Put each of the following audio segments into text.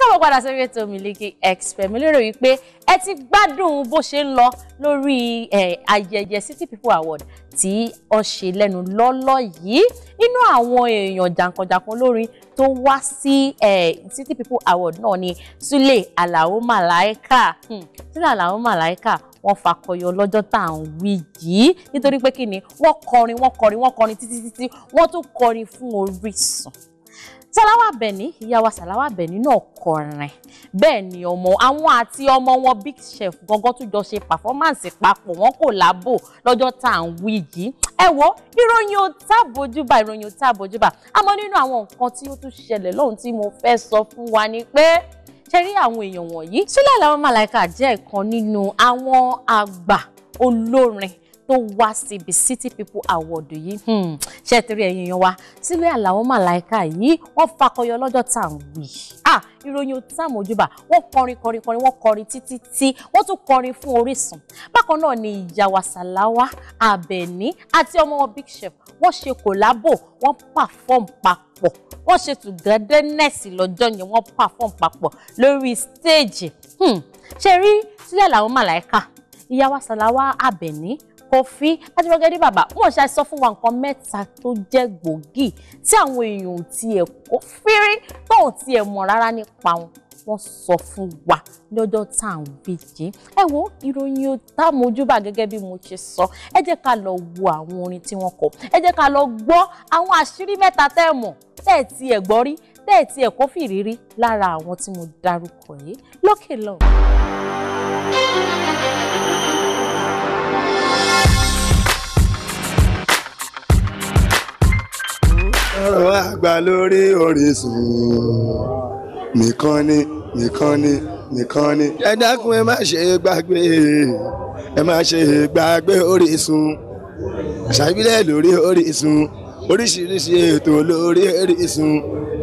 káwọn padà sórí ètò Miliki Express mi lérò wípé ẹ ti gbádùn bó ṣe ń lọ lórí ayẹyẹ City People Award tí ó ṣe lẹ́nu lọ́lọ́ yìí nínú àwọn èèyàn jàǹkànjàǹkàn lórin tó wá sí City People Award náà ni Sule Alao Malaika Sule Alao Malaika wọ́n fakọyọ lọ́jọ́ tá à ń wí yìí nítorí pé kí ni wọ́n kọrin wọ́n kọrin wọ́n kọrin títí títí wọ́n tún kọrin fún Orísun. Salawa Abeni ìyá Salawa Abeni náà kọrin bẹ́ẹ̀ ni ọmọ àwọn àti ọmọ wọn Big Chef gangan tún jọ ṣe pàfọ́mánsì papọ̀ wọn kò láàbò lọ́jọ́ tá à ń wí yìí ẹ wo ìròyìn ò tàbójúbà ìròyìn ò tàbójúbà àmọ́ nínú àwọn nǹkan tí ó tún ṣẹlẹ̀ lọ́hùn tí mo fẹ́ sọ fún wa ni pé ṣe rí àwọn èèyàn wọ̀nyí Sule Alao Malaika jẹ́ ìkan nínú àwọn àgbà olórin tó wá síbi City People Award yìí hmm. ṣe é torí ẹ̀yin yan wa Sílé Àlàó Màláìka yìí wọ́n fakọyọ lọ́jọ́ tá à ń wí ìròyìn ò tá àmójúbà wọ́n kọrin kọrin kọrin wọ́n kọrin títí tí wọ́n tún kọrin fún Orísun bákan náà ni ìyàwó Sàláwà Àbẹ̀ní àti ọmọ wọn Big Chef wọ́n ṣe kòlábò wọ́n pàfọ́m papọ̀ wọ́n ṣe tùgádẹ́nẹ́sì lọ́jọ́ yẹn wọ́n pàfọ́m papọ̀ lórí stéèjì hmm. ṣe rí Sílé Àlàó Màláìka ìyàwó Sàláwà Àbẹ̀ní Kofi Adirogedi bàbá wọ́n ṣe sọ fún wa nǹkan mẹ́ta tó jẹ́ gbòógì tí àwọn èèyàn ò tiẹ̀ kó fírí tó ò tiẹ̀ mọ̀ rárá nípa wọn wọ́n sọ fún wa lọ́jọ́ tá à ń gbèjì ẹ wo ìròyìn o tá a mojúbà gẹ́gẹ́ bí mo ṣe sọ ẹ jẹ́ ká lọ wo àwọn orin tí wọ́n kọ ẹ jẹ́ ká lọ gbọ́ àwọn àṣírí mẹ́ta tẹ́ ẹ mọ̀ tẹ́ ẹ ti ẹ̀ gbọ́ rí tẹ́ ẹ ti ẹ̀ kó fìrírí lára àwọn tí mo dárúkọ yìí lókè lọ. gbà lórí Orísun nìkan ni nìkan ni nìkan ni. ẹ dákun ẹ má ṣe gbàgbé ẹ má ṣe gbàgbé Orísun ṣàbílẹ̀ lórí Orísun oríṣiríṣi ètò lórí Orísun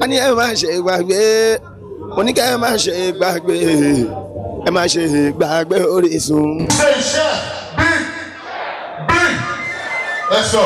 a ní ẹ má ṣe gbàgbé mo ẹ má ṣe gbàgbé ẹ má ṣe gbàgbé Orísun. ṣe iṣẹ́ bíi bíi ẹ sọ.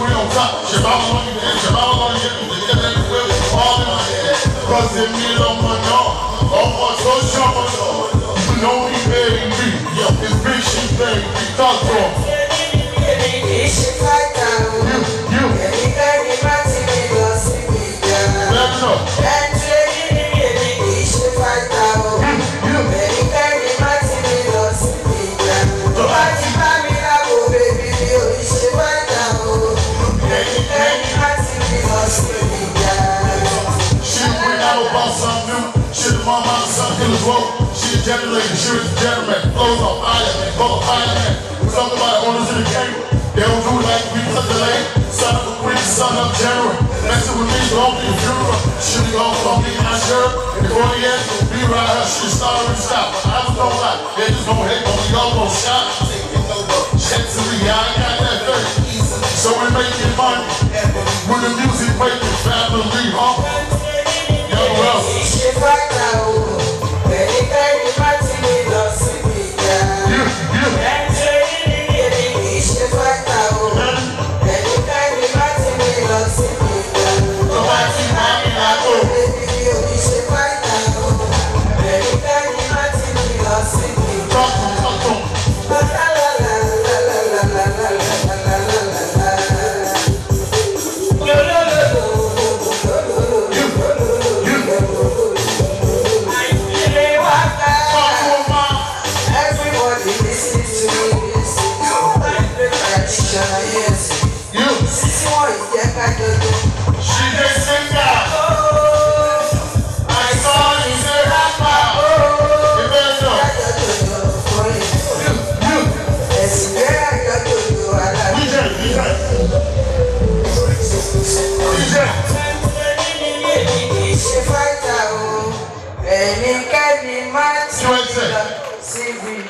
we on top. Shabal on you, and Shabal on you. Nigga, they will be falling on you. Cause if you don't want to know, all my social, you know we pay me. degenerated, shooters gentlemen, flows on fire, blow a fireman. We talk about owners in the game. They don't do like we cut the lane. Son of a queen, son of general. Messing with me, don't be a funeral. Shooting off, don't be my sheriff. In the 40 years, we ride her, she started to stop. But I don't know why they just don't hate but we all gonna shot. Check to me, I got that dirt. So we are making money. When the music breaking, family home.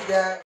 Yeah.